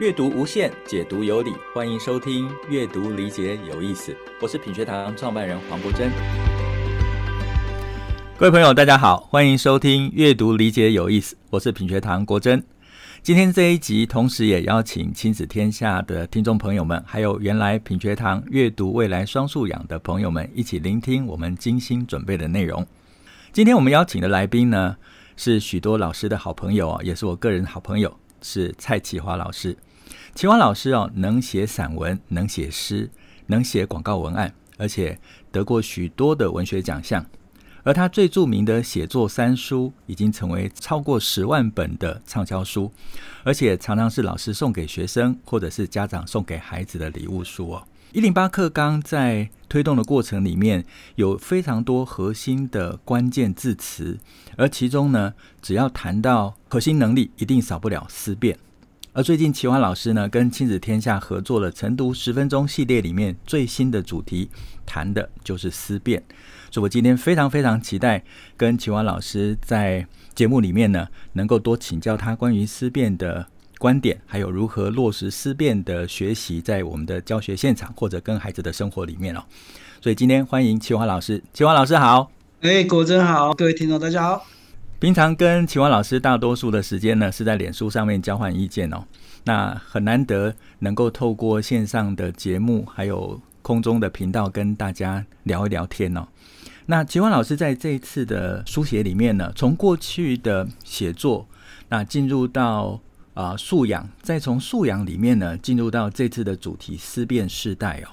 閱讀無限，解讀有理，歡迎收聽閱讀理解有意思。我是品學堂創辦人黃國珍。各位朋友，大家好，歡迎收聽閱讀理解有意思。我是品學堂國珍。今天這一集，同時也邀請親子天下的聽眾朋友們，還有原來品學堂閱讀未來雙素養的朋友們，一起聆聽我們精心準備的內容。今天我們邀請的來賓呢，是許多老師的好朋友啊，也是我個人好朋友，是蔡淇華老師。淇華老師哦，能寫散文，能寫詩，能寫廣告文案，而且得過許多的文學獎項。而他最著名的寫作三書，已經成為超過十萬本的暢銷書，而且常常是老師送給學生，或者是家長送給孩子的禮物書哦。一零八課綱在推動的過程裡面，有非常多核心的關鍵字詞，而其中呢，只要談到核心能力，一定少不了思辨。而最近，淇華老師呢，跟親子天下合作了《晨讀十分鐘》系列裡面最新的主題，談的就是思辨。所以我今天非常非常期待跟淇華老師在節目裡面呢，能夠多請教他關於思辨的觀點，還有如何落實思辨的學習，在我們的教學現場或者跟孩子的生活裡面哦。所以今天歡迎淇華老師，淇華老師好，哎、欸，國珍好，各位聽眾大家好。平常跟淇華老師大多數的時間呢，是在臉書上面交換意見哦，那很難得能夠透過線上的節目還有空中的頻道跟大家聊一聊天哦。那淇華老師在這一次的書寫裡面呢，從過去的寫作，那進入到啊、呃、素養，再從素養裡面呢進入到這次的主題思辨世代哦。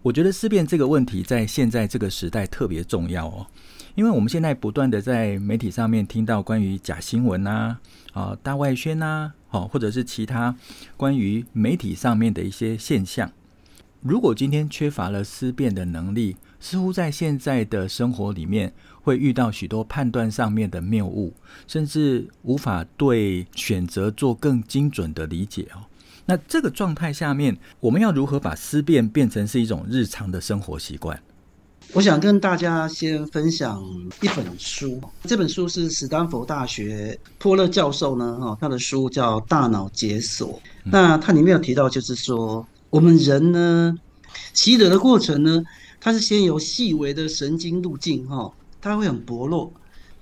我覺得思辨這個問題在現在這個時代特別重要哦。因為我們現在不斷的在媒體上面聽到關於假新聞啊，啊、呃、大外宣啊，或者是其他關於媒體上面的一些現象，如果今天缺乏了思辨的能力，似乎在現在的生活裡面會遇到許多判斷上面的謬誤，甚至無法對選擇做更精準的理解哦。那這個狀態下面，我們要如何把思辨變成是一種日常的生活習慣？我想跟大家先分享一本書，這本書是史丹佛大學波勒教授呢，哈，他的書叫《大腦解鎖》。那它裡面有提到，就是說我們人呢，習得的過程呢，它是先由細微的神經路徑，哈，它會很薄弱。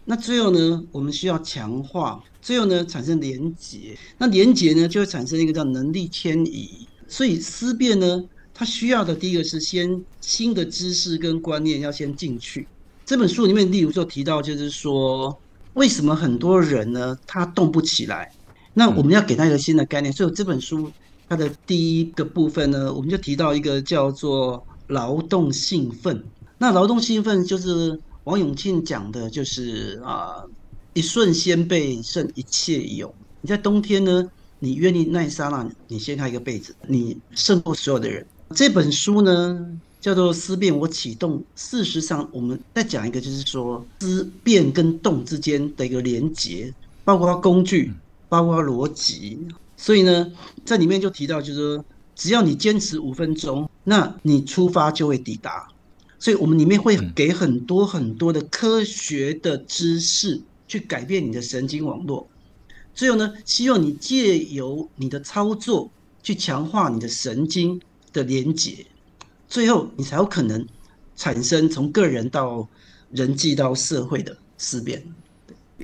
那最後呢，我們需要強化，最後呢產生連結。那連結呢，就會產生一個叫能力遷移。所以思辨呢？他需要的第一個是先新的知識跟觀念要先進去。這本書裡面，例如說就提到，就是說為什麼很多人呢，他動不起來？那我們要給他一個新的概念，所以這本書它的第一個部分呢，我們就提到一個叫做勞動興奮。那勞動興奮就是王永慶講的，就是啊，一瞬先被勝一,一切有。你在冬天呢，你願意那一剎那你掀開一個被子，你勝過所有的人。這本書呢叫做《思辨我啟動》，事實上，我們再講一個，就是說思辨跟動之間的一個連結，包括工具，包括邏輯。所以呢，在裡面就提到，就是說只要你堅持五分鐘，那你出發就會抵達。所以我們裡面會給很多很多的科學的知識去改變你的神經網絡，最後呢，希望你借由你的操作去強化你的神經。的連結，最後你才有可能產生從個人到人際到社會的思辨。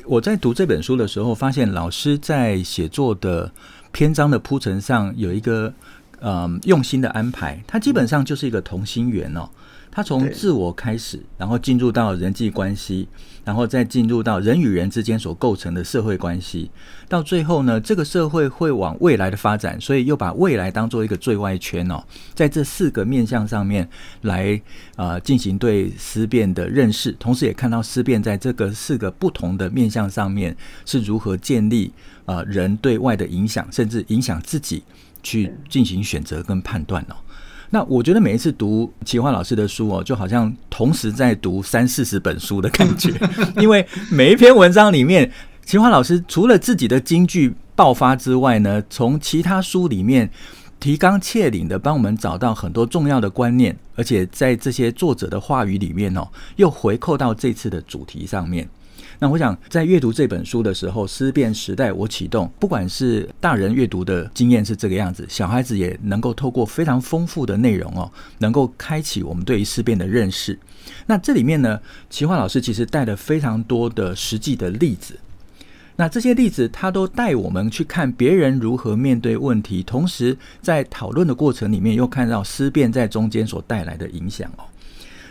我在讀這本書的時候，發現老師在寫作的篇章的鋪陳上有一個嗯、呃、用心的安排，它基本上就是一個同心圓哦。他從自我開始，對然後進入到人際關係，然後再進入到人與人之間所構成的社會關係，到最後呢，這個社會會往未來的發展，所以又把未來當做一個最外圈哦，在這四個面向上面來啊、呃、進行對思辨的認識，同時也看到思辨在這個四個不同的面向上面是如何建立啊、呃、人對外的影響，甚至影響自己去進行選擇跟判斷呢、哦。那我覺得每一次讀淇華老師的書哦，就好像同時在讀三四十本書的感覺，因為每一篇文章裡面，淇華老師除了自己的金句爆發之外呢，從其他書裡面提綱挈領的幫我們找到很多重要的觀念，而且在這些作者的話語裡面哦，又回扣到這次的主題上面。那我想，在閱讀這本書的時候，《思辨時代》我啟動，不管是大人閱讀的經驗是這個樣子，小孩子也能夠透過非常豐富的內容哦，能夠開啟我們對於思辨的認識。那這裡面呢，淇華老師其實帶了非常多的實際的例子，那這些例子他都帶我們去看別人如何面對問題，同時在討論的過程裡面，又看到思辨在中間所帶來的影響哦。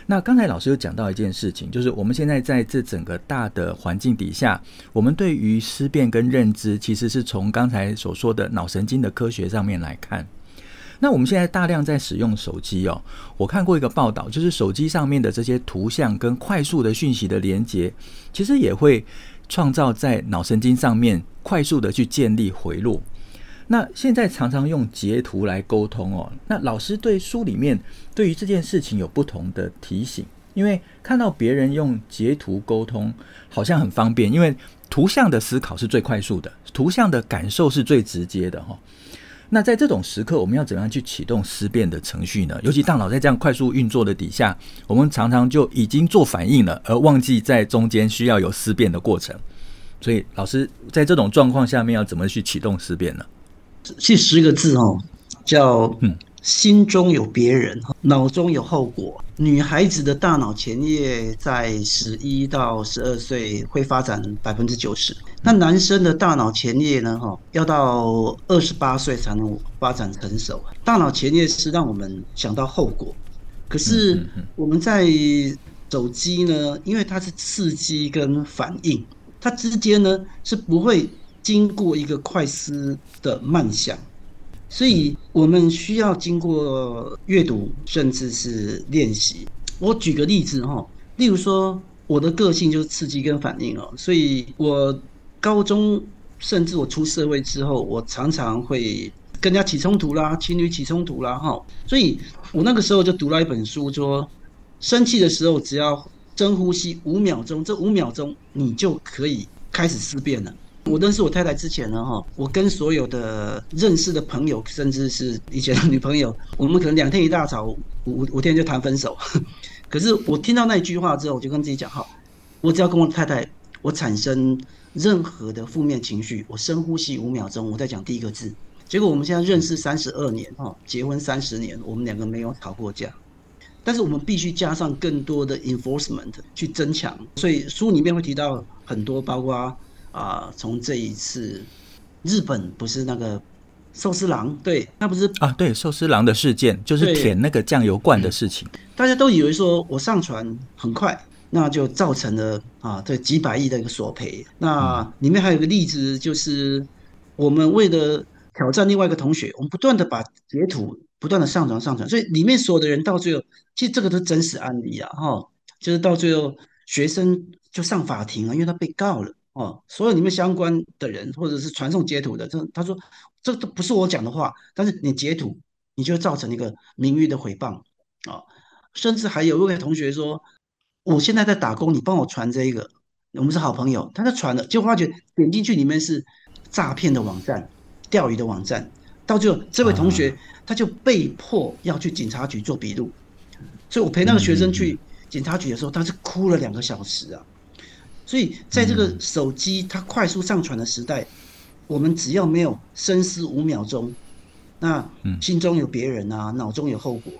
那剛才老師又講到一件事情，就是我們現在在這整個大的環境底下，我們對於思辨跟認知，其實是從剛才所說的腦神經的科學上面來看。那我們現在大量在使用手機哦，我看過一個報道，就是手機上面的這些圖像跟快速的訊息的連接，其實也會創造在腦神經上面快速的去建立回路。那現在常常用截圖來溝通哦，那老師對書裡面。對於這件事情有不同的提醒，因為看到別人用截圖溝通好像很方便，因為圖像的思考是最快速的，圖像的感受是最直接的哈。那在這種時刻，我們要怎樣去啟動思辨的程序呢？尤其大腦在這樣快速運作的底下，我們常常就已經做反應了，而忘記在中間需要有思辨的過程。所以老師在這種狀況下面，要怎麼去啟動思辨呢？這十個字哦，叫嗯。心中有別人，腦中有後果。女孩子的大腦前葉在十一到十二歲會發展百分之九十，那男生的大腦前葉呢？哈，要到二十八歲才能發展成熟。大腦前葉是讓我們想到後果，可是我們在手機呢，因為它是刺激跟反應，它之間呢是不會經過一個快思的慢想。所以，我們需要經過閱讀，甚至是練習。我舉個例子哈、哦，例如說，我的個性就是刺激跟反應哦，所以我高中，甚至我出社會之後，我常常會跟人家起衝突啦，情侶起衝突啦，哈，所以我那個時候就讀了一本書，說，生氣的時候只要深呼吸五秒鐘，這五秒鐘你就可以開始思辨了。我認識我太太之前呢，哈，我跟所有的認識的朋友，甚至是以前的女朋友，我們可能兩天一大吵，五五天就談分手。可是我聽到那一句話之後，我就跟自己講，哈，我只要跟我太太，我產生任何的負面情緒，我深呼吸五秒鐘，我再講第一個字。結果我們現在認識三十二年，哈，結婚三十年，我們兩個沒有吵過架。但是我們必須加上更多的 enforcement 去增強。所以書裡面會提到很多，包括。啊，從這一次，日本不是那個壽司郎，對，那不是啊，對壽司郎的事件，就是舔那個醬油罐的事情。嗯，大家都以為說我上傳很快，那就造成了啊，這幾百億的一個索賠。那裡面還有個例子，就是我們為了挑戰另外一個同學，我們不斷的把截圖不斷的上傳，上傳，所以裡面所有的人到最後，其實這個都是真實案例啊，哈，就是到最後學生就上法庭了啊，因為他被告了。哦，所有你們相關的人，或者是傳送截圖的，這他說這都不是我講的話，但是你截圖，你就會造成一個名譽的誹謗啊！甚至還有一位同學說，我現在在打工，你幫我傳這一個，我們是好朋友，他就傳了，就發覺點進去裡面是詐騙的網站、釣魚的網站，到最後這位同學、啊、他就被迫要去警察局做筆錄，所以我陪那個學生去警察局的時候，嗯嗯嗯他是哭了兩個小時啊。所以，在這個手機它快速上傳的時代，嗯、我們只要沒有深思五秒鐘，那心中有別人啊，嗯、腦中有後果，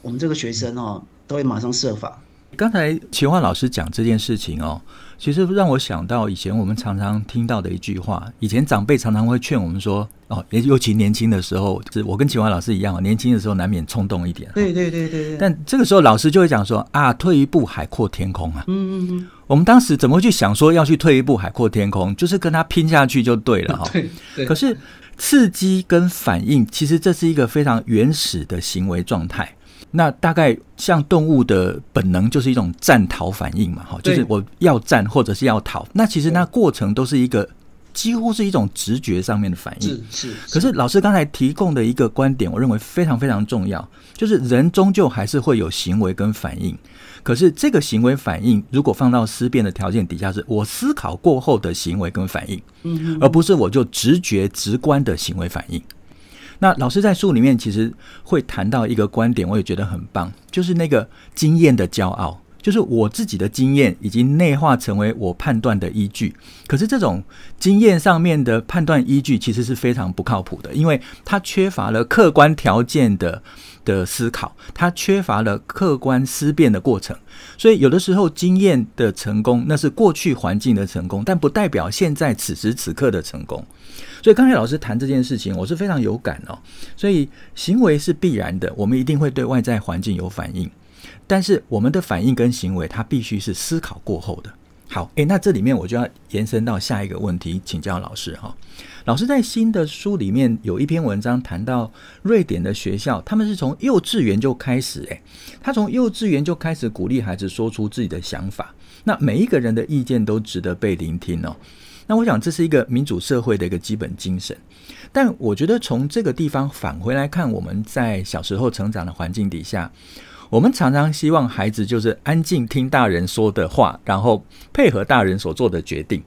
我們這個學生哦、啊，嗯、都會馬上設法。剛才淇華老師講這件事情哦，其實讓我想到以前我們常常聽到的一句話，以前長輩常常會勸我們說哦，尤其年輕的時候，是我跟淇華老師一樣，年輕的時候難免衝動一點。對對對對對。但這個時候老師就會講說啊，退一步海闊天空啊。嗯嗯嗯。我們當時怎麼會去想說要去退一步海闊天空，就是跟他拼下去就對了哈。可是刺激跟反應，其實這是一個非常原始的行為狀態。那大概像動物的本能，就是一種戰逃反應嘛，哈，就是我要戰或者是要逃。對。那其實那過程都是一個幾乎是一種直覺上面的反應。是是。是是。可是老師剛才提供的一個觀點，我認為非常非常重要，就是人終究還是會有行為跟反應。可是這個行為反應，如果放到思辨的條件底下，是我思考過後的行為跟反應，嗯、哼而不是我就直覺直觀的行為反應。那老師在書裡面其實會談到一個觀點，我也覺得很棒，就是那個經驗的驕傲。就是我自己的經驗已經內化成為我判斷的依據，可是這種經驗上面的判斷依據其實是非常不靠譜的，因為它缺乏了客觀條件的的思考，它缺乏了客觀思辨的過程。所以有的時候經驗的成功，那是過去環境的成功，但不代表現在此時此刻的成功。所以剛才老師談這件事情，我是非常有感哦。所以行為是必然的，我們一定會對外在環境有反應。但是我們的反應跟行為，它必須是思考過後的。好，誒、欸，那這裡面我就要延伸到下一個問題，請教老師哈、哦。老師在新的書裡面有一篇文章談到瑞典的學校，他們是從幼稚園就開始，誒、欸，他從幼稚園就開始鼓勵孩子說出自己的想法。那每一個人的意見都值得被聆聽哦。那我想這是一個民主社會的一個基本精神。但我覺得從這個地方返回來看，我們在小時候成長的環境底下。我們常常希望孩子就是安靜聽大人說的話，然後配合大人所做的決定。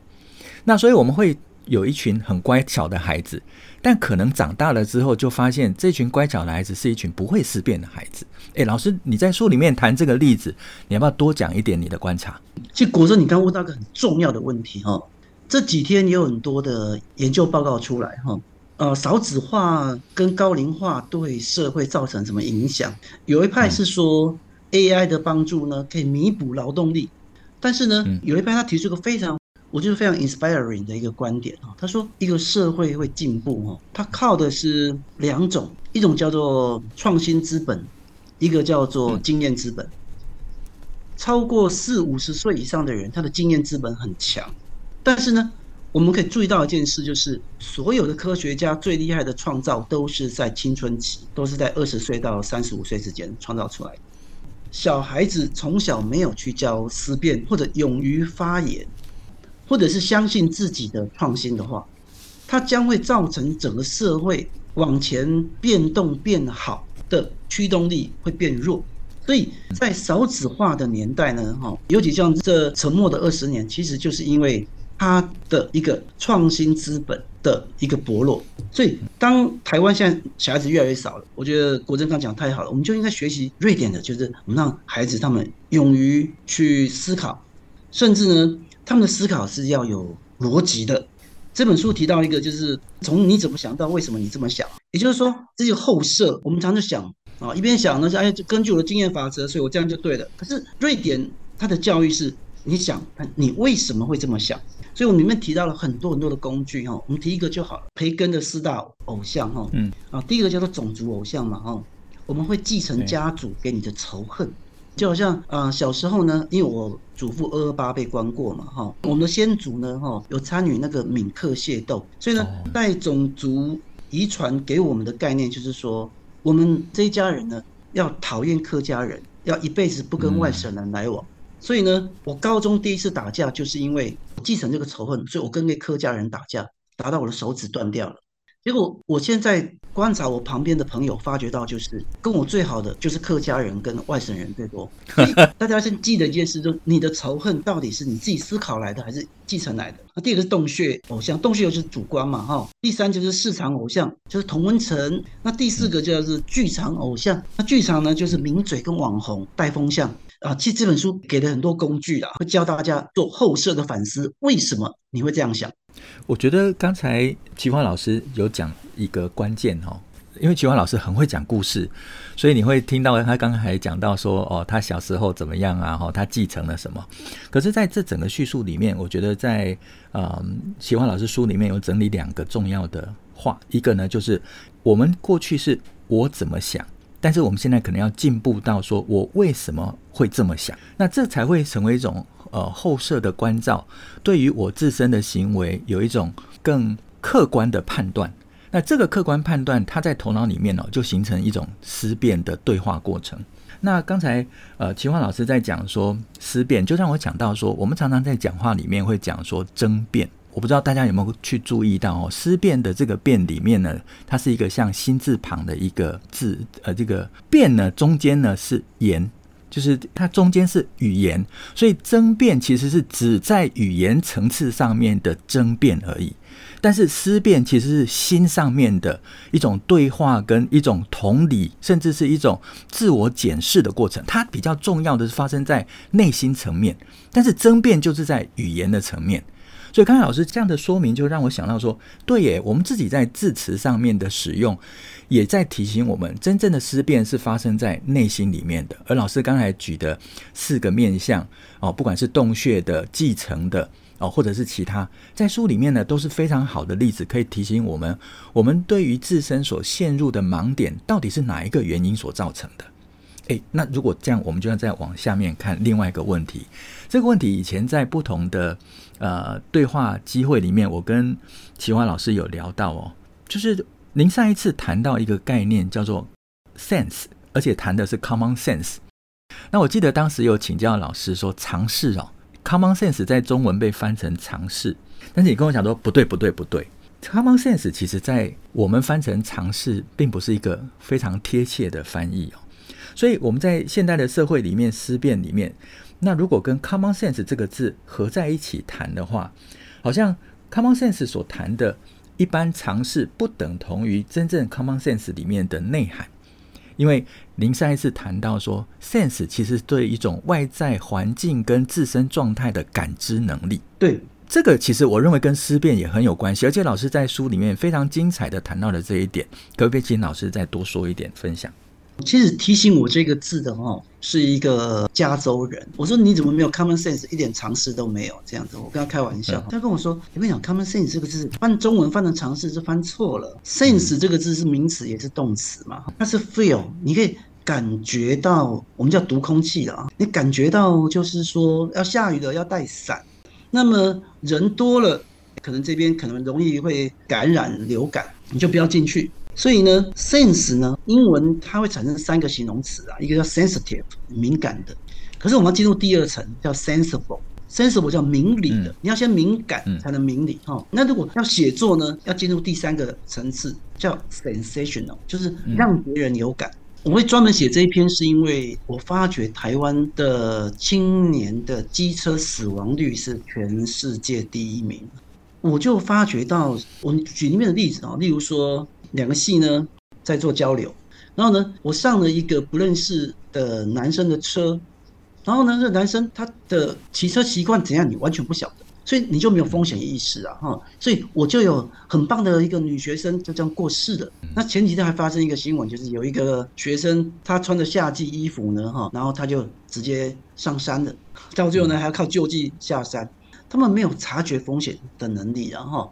那所以我們會有一群很乖巧的孩子，但可能長大了之後就發現這群乖巧的孩子是一群不會思辨的孩子。哎，老師，你在書裡面談這個例子，你要不要多講一點你的觀察？其實國珍，你剛剛問到個很重要的問題哈、哦，這幾天也有很多的研究報告出來哈。哦呃，少子化跟高齡化對社會造成什麼影響？有一派是說 AI 的幫助呢，可以彌補勞動力，但是呢，有一派他提出一個非常，我覺得非常 inspiring 的一個觀點啊。他說，一個社會會進步哦，它靠的是兩種，一種叫做創新資本，一個叫做經驗資本。超過四五十歲以上的人，他的經驗資本很強，但是呢。我們可以注意到一件事，就是所有的科學家最厲害的創造都是在青春期，都是在二十歲到三十五歲之間創造出來的。小孩子從小沒有去教思辨，或者勇於發言，或者是相信自己的創新的話，它將會造成整個社會往前變動變好的驅動力會變弱。所以在少子化的年代呢，哈，尤其像這沉默的二十年，其實就是因為。他的一個創新資本的一個薄弱，所以當台灣現在小孩子越來越少了，我覺得國珍剛講太好了，我們就應該學習瑞典的，就是我們讓孩子他們勇於去思考，甚至呢，他們的思考是要有邏輯的。這本書提到一個，就是從你怎麼想到，為什麼你這麼想，也就是說這些後設，我們常常就想啊，一邊想呢，說哎，根據我的經驗法則，所以我這樣就對了。可是瑞典他的教育是，你想你為什麼會這麼想？所以，我們裡面提到了很多很多的工具哈，我們提一個就好了。培根的四大偶像哈，嗯，啊，第一個叫做種族偶像嘛哈，我們會繼承家族給你的仇恨，嗯、就好像啊、呃，小時候呢，因為我祖父二二八被關過嘛哈，我們的先祖呢哈有參與那個閩客械鬥，所以呢，帶種族遺傳給我們的概念就是說，我們這一家人呢要討厭客家人，要一輩子不跟外省人來往。嗯所以呢，我高中第一次打架就是因為我繼承這個仇恨，所以我跟那客家人打架，打到我的手指斷掉了。結果我現在觀察我旁邊的朋友，發覺到就是跟我最好的就是客家人跟外省人最多。大家先記得一件事就，就你的仇恨到底是你自己思考來的還是繼承來的？那第一個是洞穴偶像，洞穴偶像就是主觀嘛，哈。第三就是市場偶像，就是同溫層。那第四個就是劇場偶像，那劇場呢就是名嘴跟網紅帶風向。啊，其實這本書給了很多工具啊，會教大家做後設的反思。為什麼你會這樣想？我覺得剛才淇華老師有講一個關鍵哦，因為淇華老師很會講故事，所以你會聽到他剛才講到說哦，他小時候怎麼樣啊？哈、哦，他繼承了什麼？可是在這整個敘述裡面，我覺得在嗯，奇、呃、淇華老師書裡面有整理兩個重要的話，一個呢就是我們過去是我怎麼想。但是我們現在可能要進步到說，我為什麼會這麼想？那這才會成為一種呃後設的關照，對於我自身的行為有一種更客觀的判斷。那這個客觀判斷，它在頭腦裡面呢、哦，就形成一種思辨的對話過程。那剛才呃淇華老師在講說思辨，就像我講到說，我們常常在講話裡面會講說爭辯。我不知道大家有沒有去注意到哦，思辨的這個辨裡面呢，它是一個像心字旁的一個字，呃，這個辨呢中間呢是言，就是它中間是語言，所以爭辯其實是只在語言層次上面的爭辯而已。但是思辨其實是心上面的一種對話跟一種同理，甚至是一種自我檢視的過程。它比較重要的是發生在內心層面，但是爭辯就是在語言的層面。所以剛才老師這樣的說明，就讓我想到說，對耶，我們自己在字詞上面的使用，也在提醒我們，真正的思辨是發生在內心裡面的。而老師剛才舉的四個面向哦，不管是洞穴的、繼承的哦，或者是其他，在書裡面呢，都是非常好的例子，可以提醒我們，我們對於自身所陷入的盲點，到底是哪一個原因所造成的。誒，那如果這樣，我們就要再往下面看另外一個問題。這個問題以前在不同的呃對話機會裡面，我跟淇華老師有聊到哦，就是您上一次談到一個概念叫做 sense，而且談的是 common sense。那我記得當時有請教老師說常識哦，common sense 在中文被翻成常識，但是你跟我講說不對不對不對，common sense 其實在我們翻成常識，並不是一個非常貼切的翻譯哦。所以我們在現代的社會裡面思辨裡面，那如果跟 common sense 這個字合在一起談的話，好像 common sense 所談的一般常識不等同於真正 common sense 裡面的內涵，因為您上一次談到說 sense 其實對一種外在環境跟自身狀態的感知能力，對這個其實我認為跟思辨也很有關係，而且老師在書裡面非常精彩的談到的這一點，可不可以請老師再多說一點分享？其實提醒我這個字的哦，是一個加州人。我說你怎麼沒有 common sense，一點常識都沒有這樣子。我跟他開玩笑，嗯、他跟我說，欸、你別講 common sense 這個字翻中文翻的常識是翻錯了。嗯、sense 這個字是名詞也是動詞嘛？它是 feel，你可以感覺到，我們叫讀空氣了啊。你感覺到就是說要下雨了，要帶傘。那麼人多了，可能這邊可能容易會感染流感，你就不要進去。所以呢，sense 呢，英文它會產生三個形容詞啊，一個叫 sensitive，敏感的，可是我們要進入第二層，叫 sensible，sensible 叫明理的，嗯、你要先敏感才能明理，哈、嗯哦。那如果要寫作呢，要進入第三個層次，叫 sensational，就是讓別人有感。嗯、我會專門寫這一篇，是因為我發覺台灣的青年的機車死亡率是全世界第一名，我就發覺到，我舉一面的例子啊、哦，例如說。兩個系呢，在做交流，然後呢，我上了一個不認識的男生的車，然後呢，這男生他的騎車習慣怎樣，你完全不曉得，所以你就沒有風險意識啊哈，所以我就有很棒的一個女學生就這樣過世了。那前幾天還發生一個新聞，就是有一個學生他穿着夏季衣服呢哈，然後他就直接上山了，到最後呢還要靠救濟下山，他們沒有察覺風險的能力然後……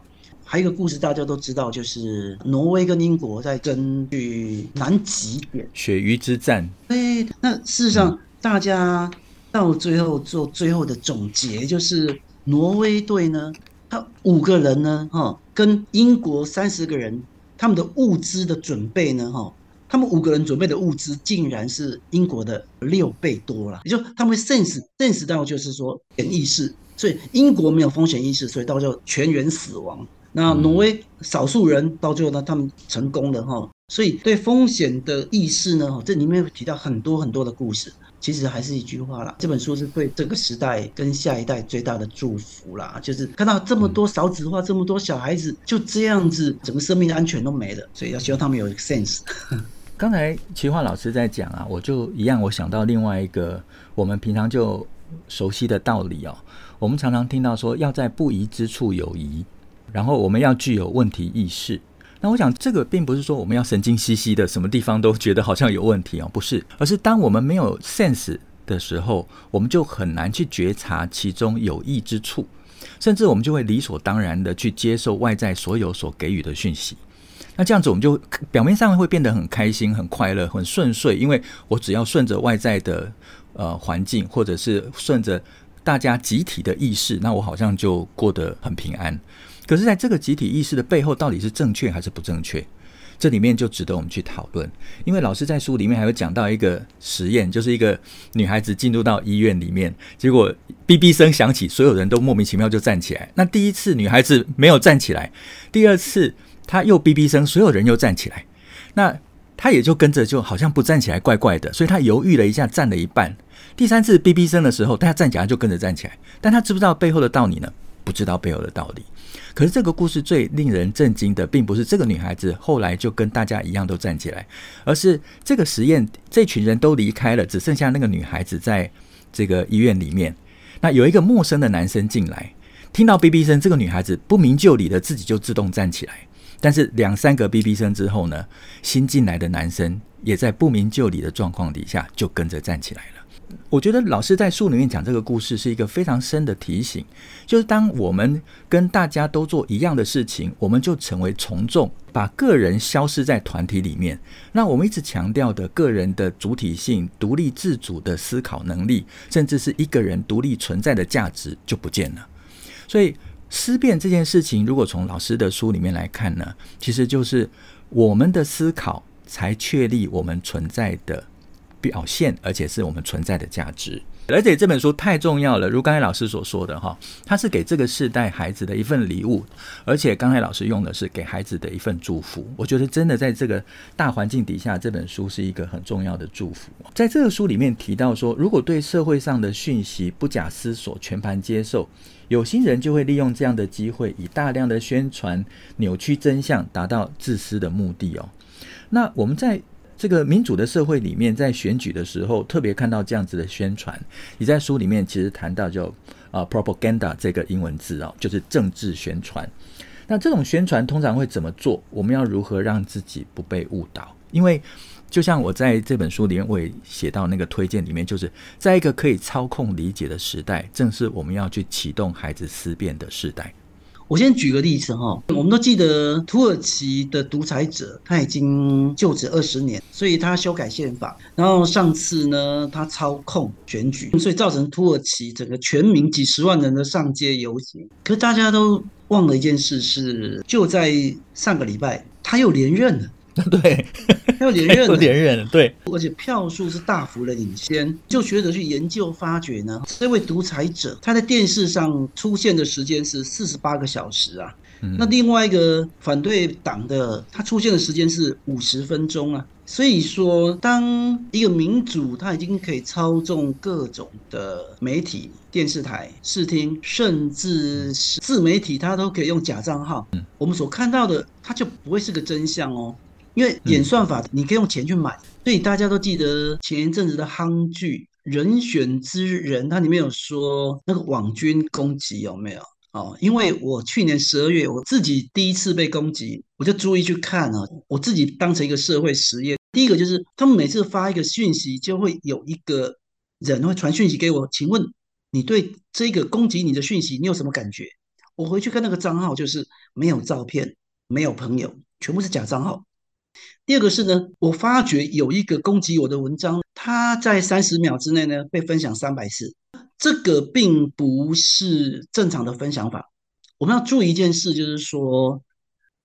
還有一個故事，大家都知道，就是挪威跟英國在爭取南極點雪域之戰。哎，那事實上，大家到最後做最後的總結，就是挪威隊呢，他五個人呢，哈，跟英國三十個人，他們的物資的準備呢，哈，他們五個人準備的物資，竟然是英國的六倍多了。也就他們會 sense sense 到，就是說，潛意識，所以英國沒有風險意識，所以到時候全員死亡。那挪威少數人到最後呢，嗯、他們成功了哈，所以對風險的意識呢，這裡面提到很多很多的故事，其實還是一句話啦。這本書是對這個時代跟下一代最大的祝福啦，就是看到這麼多少子化，嗯、這麼多小孩子就這樣子，整個生命的安全都沒了，所以要希望他們有一個 sense。剛才淇華老師在講啊，我就一樣，我想到另外一個我們平常就熟悉的道理哦、喔，我們常常聽到說要在不疑之處有疑。然後我們要具有問題意識。那我想，這個並不是說我們要神經兮兮的，什麼地方都覺得好像有問題哦。不是，而是當我們沒有 sense 的時候，我們就很難去覺察其中有益之處，甚至我們就會理所當然的去接受外在所有所給予的訊息。那這樣子，我們就表面上會變得很開心、很快樂、很順遂，因為我只要順着外在的呃環境，或者是順着大家集體的意識，那我好像就過得很平安。可是，在這個集體意識的背後，到底是正確還是不正確？這裡面就值得我們去討論。因為老師在書裡面還有講到一個實驗，就是一個女孩子進入到醫院裡面，結果嗶嗶聲響起，所有人都莫名其妙就站起來。那第一次女孩子沒有站起來，第二次她又嗶嗶聲，所有人又站起來，那她也就跟着就好像不站起來，怪怪的。所以她猶豫了一下，站了一半。第三次嗶嗶聲的時候，大家站起來就跟着站起來，但她知不知道背後的道理呢？不知道背後的道理。可是這個故事最令人震驚的，並不是這個女孩子後來就跟大家一樣都站起來，而是這個實驗這群人都離開了，只剩下那個女孩子在這個醫院裡面。那有一個陌生的男生進來，聽到嗶嗶聲，這個女孩子不明就裡的自己就自動站起來。但是兩三個嗶嗶聲之後呢，新進來的男生也在不明就裡的狀況底下就跟着站起來了。我覺得老師在書裡面講這個故事是一個非常深的提醒，就是當我們跟大家都做一樣的事情，我們就成為從眾，把個人消失在團體裡面。那我們一直強調的個人的主體性、獨立自主的思考能力，甚至是一個人獨立存在的價值就不見了。所以思辨這件事情，如果從老師的書裡面來看呢，其實就是我們的思考才確立我們存在的表現，而且是我們存在的價值，而且這本書太重要了。如剛才老師所說的哈，它是給這個世代孩子的一份禮物，而且剛才老師用的是給孩子的一份祝福。我覺得真的在這個大環境底下，這本書是一個很重要的祝福。在這個書裡面提到說，如果對社會上的訊息不假思索、全盤接受，有心人就會利用這樣的機會，以大量的宣傳扭曲真相，達到自私的目的哦。那我們在。這個民主的社會裡面，在選舉的時候，特別看到這樣子的宣傳。你在書裡面其實談到就，就、呃、啊 “propaganda” 這個英文字哦，就是政治宣傳。那這種宣傳通常會怎麼做？我們要如何讓自己不被誤導？因為就像我在這本書裡面，我也寫到那個推薦裡面，就是在一個可以操控理解的時代，正是我們要去啟動孩子思辨的時代。我先舉個例子哈，我們都記得土耳其的獨裁者，他已經就職二十年，所以他修改憲法，然後上次呢，他操控選舉，所以造成土耳其整個全民幾十萬人的上街遊行。可是大家都忘了一件事，是就在上個禮拜，他又連任了。 對，要 連任，連任對，而且票數是大幅的領先。就學者去研究發掘呢，這位獨裁者他在電視上出現的時間是四十八個小時啊，那另外一個反對黨的他出現的時間是五十分鐘啊。所以說，當一個民主，他已經可以操縱各種的媒體、電視台、視聽，甚至是自媒體，他都可以用假賬號，我們所看到的他就不會是個真相哦。因為演算法，你可以用錢去買，所以大家都記得前一陣子的夯劇《人選之人》，它裡面有說那個網軍攻擊有沒有？哦，因為我去年十二月我自己第一次被攻擊，我就注意去看啊，我自己當成一個社會實驗。第一個就是他們每次發一個訊息，就會有一個人會傳訊息給我。請問你對這個攻擊你的訊息，你有什麼感覺？我回去看那個賬號，就是沒有照片，沒有朋友，全部是假賬號。第二個是呢，我發覺有一個攻擊我的文章，它在三十秒之內呢，被分享三百次。這個並不是正常的分享法。我們要注意一件事，就是說。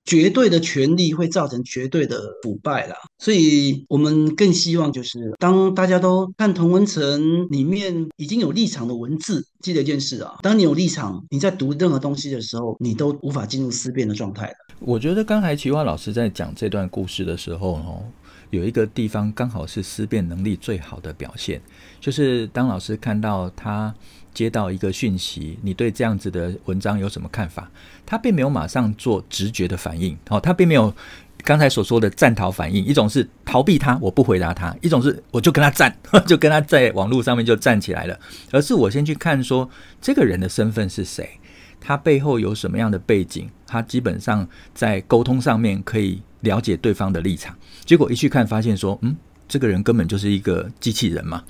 絕對的權力會造成絕對的腐敗啦，所以我們更希望就是當大家都看同溫層裡面已經有立場的文字，記得一件事啊，當你有立場，你在讀任何東西的時候，你都無法進入思辨的狀態了。我覺得剛才淇華老師在講這段故事的時候哦，有一個地方剛好是思辨能力最好的表現，就是當老師看到他接到一個訊息，你對這樣子的文章有什麼看法？他並沒有馬上做直覺的反應，哦，他並沒有剛才所說的戰逃反應，一種是逃避他，我不回答他；一種是我就跟他戰，就跟他在網絡上面就站起來了，而是我先去看說這個人的身份是誰。他背後有什麼樣的背景？他基本上在溝通上面可以了解對方的立場，結果一去看發現說，嗯，這個人根本就是一個機器人嘛，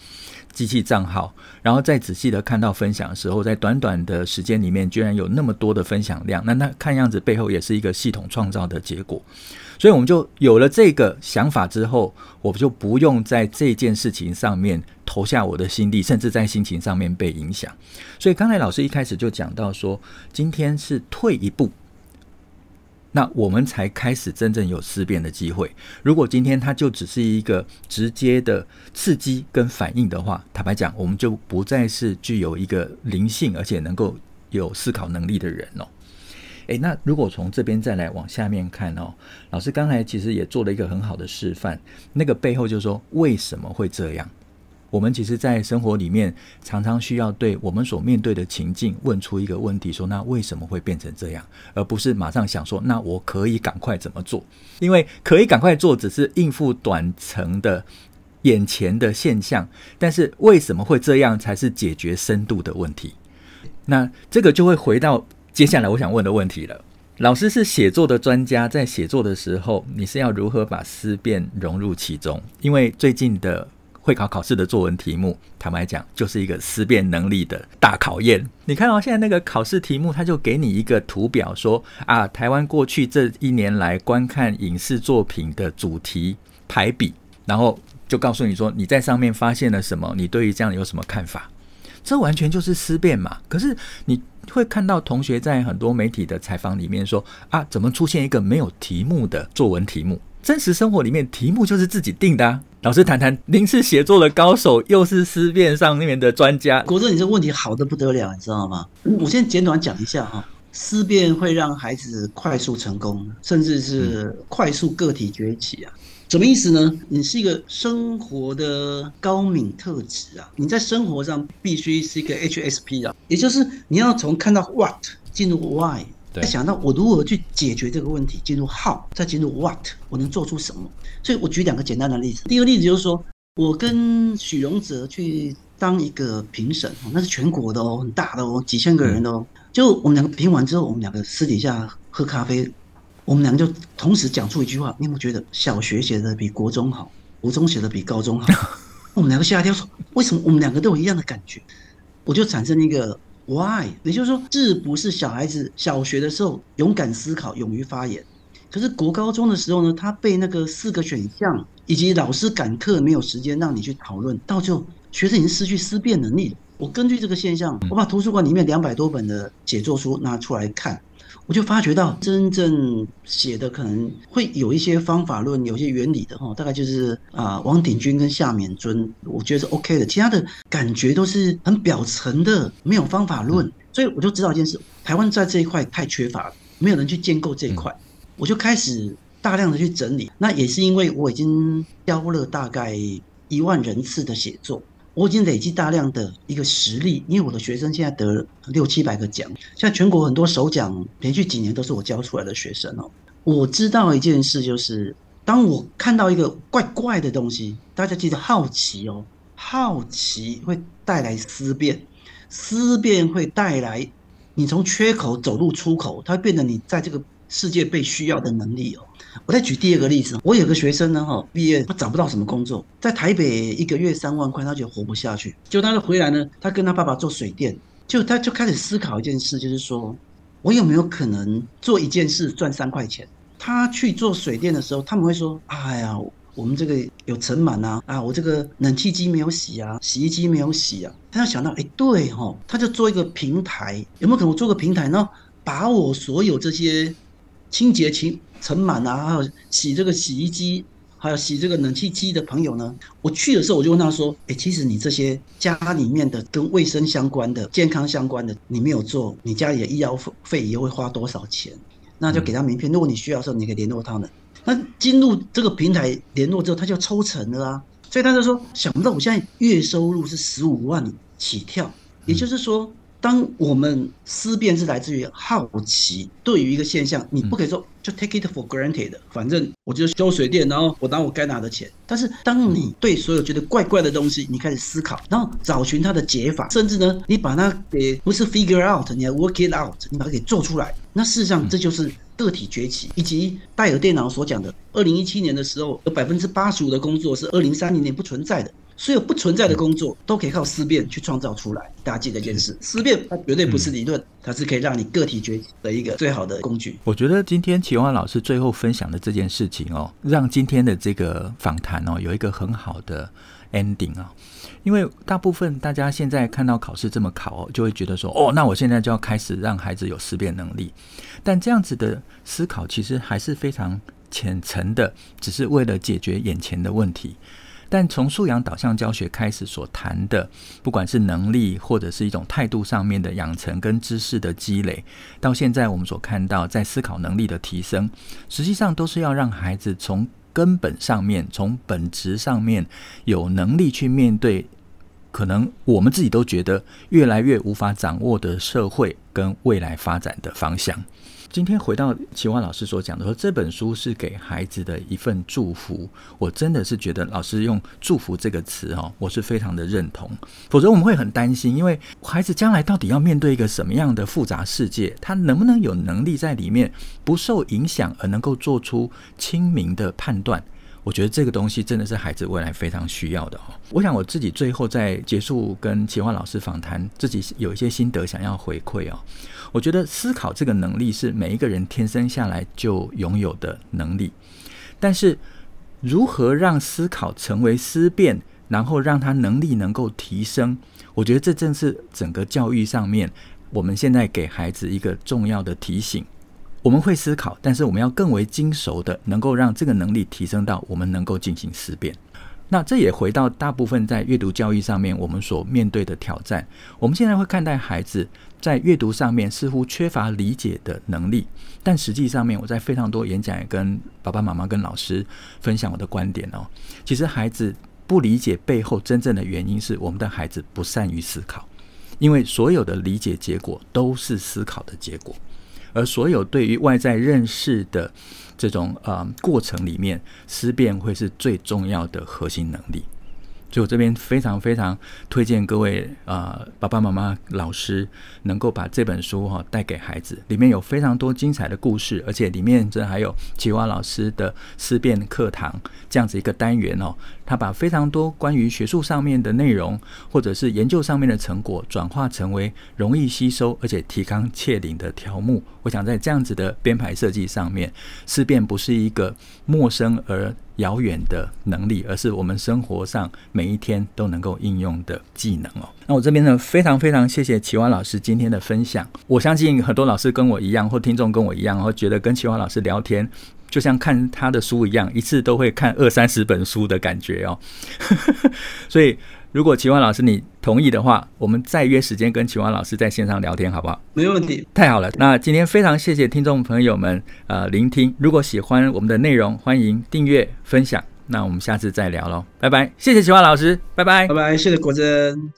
機器賬號。然後再仔細的看到分享的時候，在短短的時間裡面，居然有那麼多的分享量，那那看樣子背後也是一個系統創造的結果。所以我們就有了這個想法之後，我就不用在這件事情上面投下我的心力，甚至在心情上面被影響。所以剛才老師一開始就講到說，今天是退一步，那我們才開始真正有思辨的機會。如果今天它就只是一個直接的刺激跟反應的話，坦白講，我們就不再是具有一個靈性，而且能夠有思考能力的人哦。誒，那如果從這邊再來往下面看哦，老師剛才其實也做了一個很好的示範。那個背後就是說，為什麼會這樣？我們其實，在生活裡面常常需要對我們所面對的情境問出一個問題：說那為什麼會變成這樣？而不是馬上想說，那我可以趕快怎麼做？因為可以趕快做，只是應付短程的、眼前的現象。但是為什麼會這樣，才是解決深度的問題。那這個就會回到……接下來我想問的問題了，老師是寫作的專家，在寫作的時候，你是要如何把思辨融入其中？因為最近的會考考試的作文題目，坦白講，就是一個思辨能力的大考驗。你看啊、哦，現在那個考試題目，他就給你一個圖表，說啊，台灣過去這一年來觀看影視作品的主題排比，然後就告訴你說你在上面發現了什麼，你對於這樣有什麼看法？這完全就是思辨嘛。可是你會看到同學在很多媒體的採訪裡面說啊，怎麼出現一個沒有題目的作文題目？真實生活裡面題目就是自己定的啊。老師談談，您是寫作的高手，又是思辨上那邊的專家。國珍，你這問題好得不得了，你知道嗎？我先簡短講一下哈，思辨會讓孩子快速成功，甚至是快速個體崛起啊。什麼意思呢？你是一個生活的高敏特質啊，你在生活上必須是一個 HSP 啊，也就是你要從看到 What 進入 Why，對再想到我如何去解決這個問題，進入 How，再進入 What，我能做出什麼？所以我舉兩個簡單的例子。第一個例子就是說我跟許榮哲去當一個評審，那是全國的哦，很大的哦，幾千個人的哦。嗯、就我們兩個評完之後，我們兩個私底下喝咖啡。我們兩個就同時講出一句話，你有沒有覺得小學寫的比國中好，國中寫的比高中好？我們兩個嚇一跳說，說為什麼我們兩個都有一樣的感覺？我就產生一個 why，也就是說，是不是小孩子小學的時候勇敢思考、勇於發言，可是國高中的時候呢，他被那個四個選項以及老師趕課，沒有時間讓你去討論，到最後學生已經失去思辨能力。我根據這個現象，我把圖書館裡面兩百多本的寫作書拿出來看。我就發覺到真正寫的可能會有一些方法論、有些原理的哈，大概就是啊、呃，王鼎鈞跟夏丏尊，我覺得是 OK 的。其他的感覺都是很表層的，沒有方法論，所以我就知道一件事，台灣在這一塊太缺乏了，沒有人去建構這一塊，我就開始大量的去整理。那也是因為我已經教了大概一萬人次的寫作。我已經累積大量的一個實力，因為我的學生現在得了六七百個獎，像全國很多首獎，連續幾年都是我教出來的學生哦。我知道一件事，就是當我看到一個怪怪的東西，大家記得好奇哦，好奇會帶來思辨，思辨會帶來你從缺口走入出口，它會變得你在這個。世界被需要的能力哦，我再舉第二個例子。我有個學生呢，哈，畢業他找不到什麼工作，在台北一個月三萬塊，他就活不下去。就他就回來呢，他跟他爸爸做水電，就他就開始思考一件事，就是說我有沒有可能做一件事賺三塊錢？他去做水電的時候，他們會說：“哎呀，我們這個有塵蟎啊，啊，我這個冷氣機沒有洗啊，洗衣機沒有洗啊。”他想到，哎，對吼、哦，他就做一個平台，有沒有可能我做個平台呢？把我所有這些。清潔清塵蟎啊，還有洗這個洗衣機，還有洗這個冷氣機的朋友呢。我去的時候，我就問他說：“哎、欸，其實你這些家裡面的跟衛生相關的、健康相關的，你沒有做，你家裡的醫藥費費也會花多少錢？”那就給他名片，如果你需要的時候，你可以聯絡他們。那進入這個平台聯絡之後，他就抽成了啊。所以他就說：“想不到我現在月收入是十五萬起跳。”也就是說。當我們思辨是來自於好奇，對於一個現象，你不可以說就 take it for granted，反正我就修水電，然後我拿我該拿的錢。但是當你對所有覺得怪怪的東西，你開始思考，然後找尋它的解法，甚至呢，你把它給不是 figure out，你要 work it out，你把它給做出來。那事實上，這就是個體崛起，以及戴爾電腦所講的，二零一七年的時候有85，有百分之八十五的工作是二零三零年不存在的。所有不存在的工作，嗯、都可以靠思辨去創造出來。大家記得這件事：是思辨它絕對不是理論，嗯、它是可以讓你個體崛起的一個最好的工具。我覺得今天淇華老師最後分享的這件事情哦，讓今天的這個訪談哦有一個很好的 ending 啊、哦。因為大部分大家現在看到考試這麼考、哦，就會覺得說：哦，那我現在就要開始讓孩子有思辨能力。但這樣子的思考其實還是非常淺層的，只是為了解決眼前的問題。但從素養導向教學開始所談的，不管是能力或者是一種態度上面的養成跟知識的積累，到現在我們所看到在思考能力的提升，實際上都是要讓孩子從根本上面、從本質上面有能力去面對，可能我們自己都覺得越來越無法掌握的社會跟未來發展的方向。今天回到淇華老師所講的說，說這本書是給孩子的一份祝福，我真的是覺得老師用“祝福”這個詞哦，我是非常的認同。否則我們會很擔心，因為孩子將來到底要面對一個什麼樣的複雜世界，他能不能有能力在裡面不受影響而能夠做出清明的判斷？我覺得這個東西真的是孩子未來非常需要的哦，我想我自己最後在結束跟淇華老師訪談，自己有一些心得想要回饋哦。我覺得思考這個能力是每一個人天生下來就擁有的能力，但是如何讓思考成為思辨，然後讓他能力能夠提升，我覺得這正是整個教育上面我們現在給孩子一個重要的提醒：我們會思考，但是我們要更為精熟的，能夠讓這個能力提升到我們能夠進行思辨。那這也回到大部分在閱讀教育上面，我們所面對的挑戰。我們現在會看待孩子在閱讀上面似乎缺乏理解的能力，但實際上面，我在非常多演講也跟爸爸媽媽、跟老師分享我的觀點哦。其實孩子不理解背後真正的原因是我們的孩子不善於思考，因為所有的理解結果都是思考的結果，而所有對於外在認識的。這種呃過程裡面，思辨會是最重要的核心能力。所以我這邊非常非常推薦各位啊、呃，爸爸媽媽、老師能夠把這本書哈、哦、帶給孩子，裡面有非常多精彩的故事，而且裡面這還有淇華老師的思辨課堂這樣子一個單元哦。他把非常多關於學術上面的內容，或者是研究上面的成果，轉化成為容易吸收而且提綱挈領的條目。我想在這樣子的編排設計上面，思辨不是一個陌生而遙遠的能力，而是我們生活上每一天都能夠應用的技能哦。那我這邊呢，非常非常謝謝淇華老師今天的分享。我相信很多老師跟我一樣，或聽眾跟我一樣，然後覺得跟淇華老師聊天就像看他的書一樣，一次都會看二三十本書的感覺哦。 所以。如果淇華老師你同意的話，我們再約時間跟淇華老師在線上聊天好不好？沒問題，太好了。那今天非常謝謝聽眾朋友們呃聆聽，如果喜歡我們的內容，歡迎訂閱分享。那我們下次再聊嘍，拜拜。謝謝淇華老師，拜拜，拜拜，謝謝國珍。